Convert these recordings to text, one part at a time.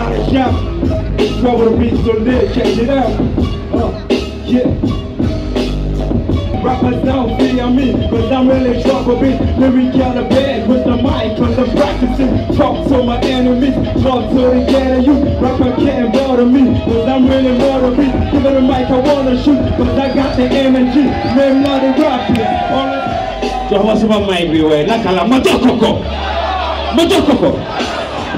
out and shout. Cover the beats so lit, check it out. Uh, yeah. Rappers don't see I'm in, cause I'm really trouble bitch. Lyric out a bed with the mic, cause I'm practicing. Talk to my enemies, talk to the cat you. Rapper can't bother me, cause I'm really more to me. Give it a mic, I wanna shoot, cause I got the energy. Name not a rapper. Tuwasuma mic, we were like a motokoko. Motokoko.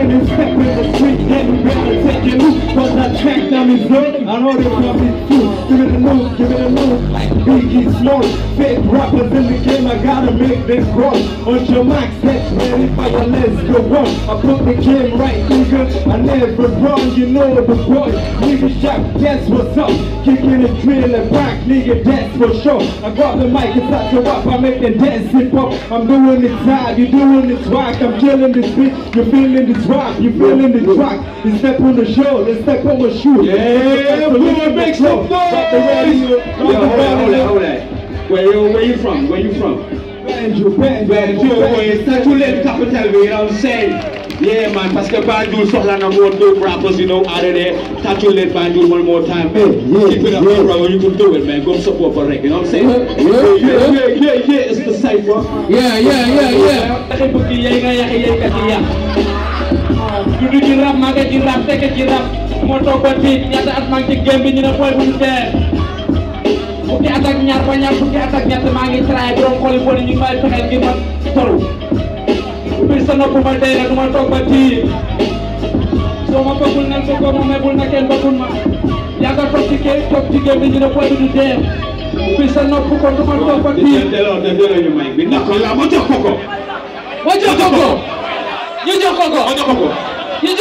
Burn and stepping in the street, getting better, taking loot Cause I check down his early, I know they probably too Give it a move, give it a move, like Biggie Smoke Fake rappers in the game, I gotta make this grow On your mic, set ready, fire, let's go on I put the game right, nigga, I never wrong You know the boy, nigga shout, that's what's up Kicking and drilling back, nigga, that's for sure I got the mic, it's not to rap, I make them dance, hip hop I'm doing it hard, you doing this rock, I'm killing this beat, you're feeling this drop. You in the drop. You step on the show. Let's step on the shoe. Yeah, boy, make some noise. Drop the yeah, Hold that, hold that. Where you, where you from? Where you from? Banjo, banjo, banjo. It's not too late, capital, you know what I'm saying? Yeah, man, parce que Banjul soxla na more dope rappers, you know, out of there. Tatulate Banjul one more time, man. Yeah, yeah, Keep it up, yeah. bro. You can do it, man. Go support for Rick, you know what I'm saying? Yeah, yeah, yeah, yeah, yeah. It's the cypher. Yeah, yeah, yeah, yeah. juddu ci rap màgg ci rap tekki ci rap moo toog ba tiit ñaata at maa ngi ci gém bi ñu ne booy bu mu dee fukki at ak ñaar ba ñaar fukki at ak ñett maa ngi traay borom xooli boole ñu may fexeel ngir ma toru ubbil sa nopp ma dee rek ma toog ba tiit soo ma bëggul nan ma may bul na kenn bëggul ma yàgga toog ci kër toog ci gém bi ñu ne sa nopp ko du ma toog ba tiit ma jox ko ko ma jox ko ko You Yeah,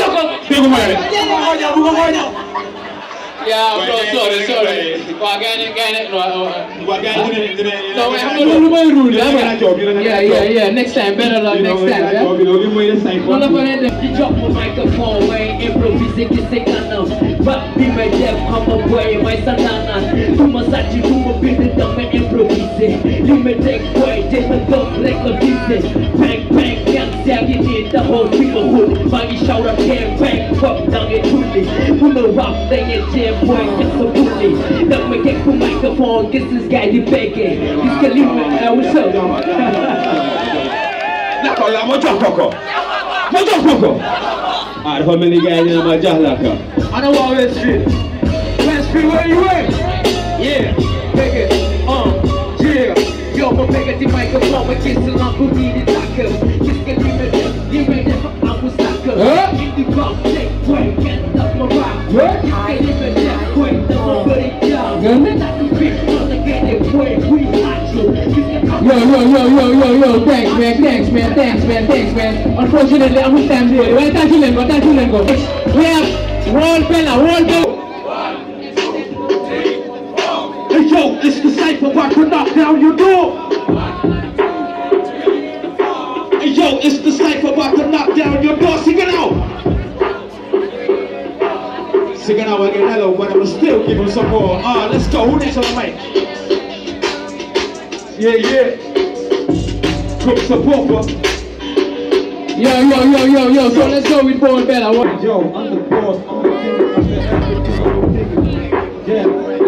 bro, sorry, sorry. No, I'm uh, uh. Yeah, yeah, yeah. Next time, better luck next time. Yeah? All of them, drop my microphone, wait, improvise, this ain't gonna. Rap, be my death, come up, boy, my satana. Do my sachi, do my business, I'm improvise. Limit, take, boy, just a dog, like a business the whole neighborhood. Foggy shout up, and bang fuck down the truly. We the rock, they get jam point, it's a booty That me get the microphone, this is guy the begging. This can leave me, I we sell them. Lakola, mojo koko. Mojo koko. Alright, how many guys in my jaw laka? I know all West Street. West Street, where you at? Yeah, take it, um, yeah. Yo, I'm picking the microphone, we and kissing on booty, man. Thanks, man. Thanks, man. Thanks, man. Unfortunately, I'm with time here. Where did you, Lengo. Thank you, Lengo. We have World Bella, World Bella. Hey, yo, it's the cypher back to knock down your door. Hey, yo, it's the cypher back to knock down your door. Sing it out. Sing it out again, hello, but I'm still giving him some more. Ah, uh, let's go. Who next on the mic? Yeah, yeah. Brooks the Popper. Yo, yo, yo, yo, yo, so let's go with Born Bell. Yo, I'm the boss, I'm the king, I'm the everything. Yeah,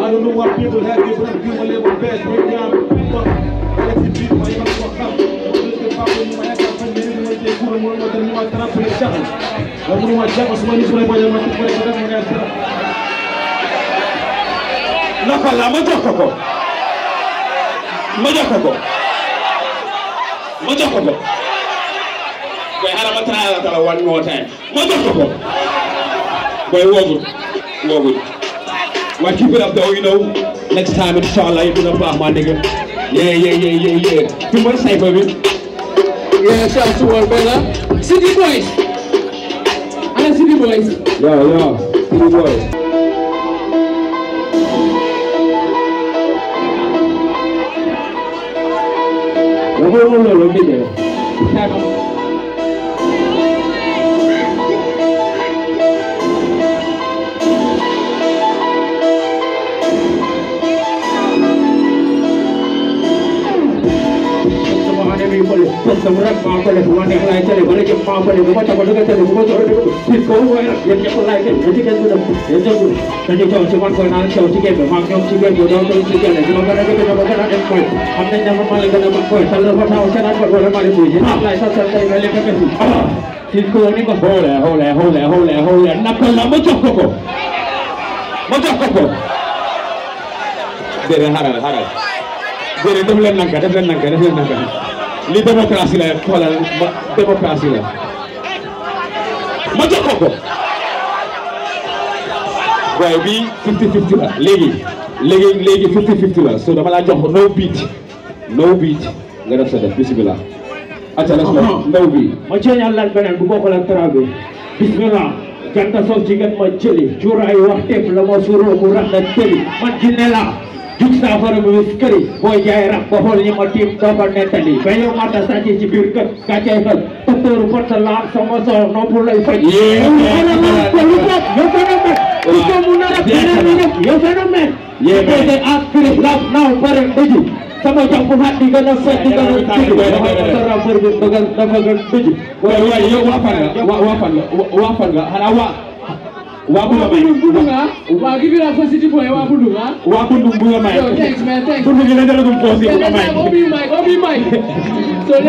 I don't know why people have this, but I'm doing a little best. Break down, fuck, let's be beat my young fuck up. Vamos numa japa, se manipula e vai levantar por aí, vai levantar. Laka la, majaka ko. Majaka ko ma jox ko ko booy xaaral ma try la tala one more time ma jox ko ko booy woogul woogul waaye keep it up though you know next time inshallah you dina baax maa nigga yeah yeah yeah yeah yeah fi mooy sayfa bi yeah shout to all brother city boys ana city boys yeah yeah city boys 不不不，没得。सम्राट पापले भगवान apply चले भने के पापले भगवान चले भने के भगवान चले कि को होइन यति को लाइक यति के गुड यति गुड सही तो जीवन को नाम से उसी के भगवान के उसी के गोदाम को उसी के लेकिन मैंने के जब बता रहा है हमने जब मान लिया जब कोई सल्लल्लाहु li démocratie la xoolal ma démocratie la ma bi fifty fifty la léegi léegi léegi fifty fifty la so dama laa jox no beat no beat nga def sa def bismillah acca la soo no beat ma ceeñal laaj beneen bu bokkul ak tara bi bismillah janta soof jigéen ma jëli cuuraay wax teef la ma suuroo mu rax na tëli jinne la Dixaforum Viscari, Voyera, Poholia Motim, Topper Natalie, Bayo Mata Sati, Birka, Kachaifa, Totor, Porta Lam, Samosa, Nopula, Yes, Yes, Yes, Yes, Yes, Yes, Yes, Yes, Yes, Yes, Yes, Yes, Yes, Yes, sama yang Tuhan di dalam set di dalam tidur Terang berbentukan tempat dengan tujuh Wafan gak? Wafan gak? Wafan gak? Hal awak Wabundu may waaw give it up for city boy Wabundu ah. Wabundu bu may. thanks man thanks. may.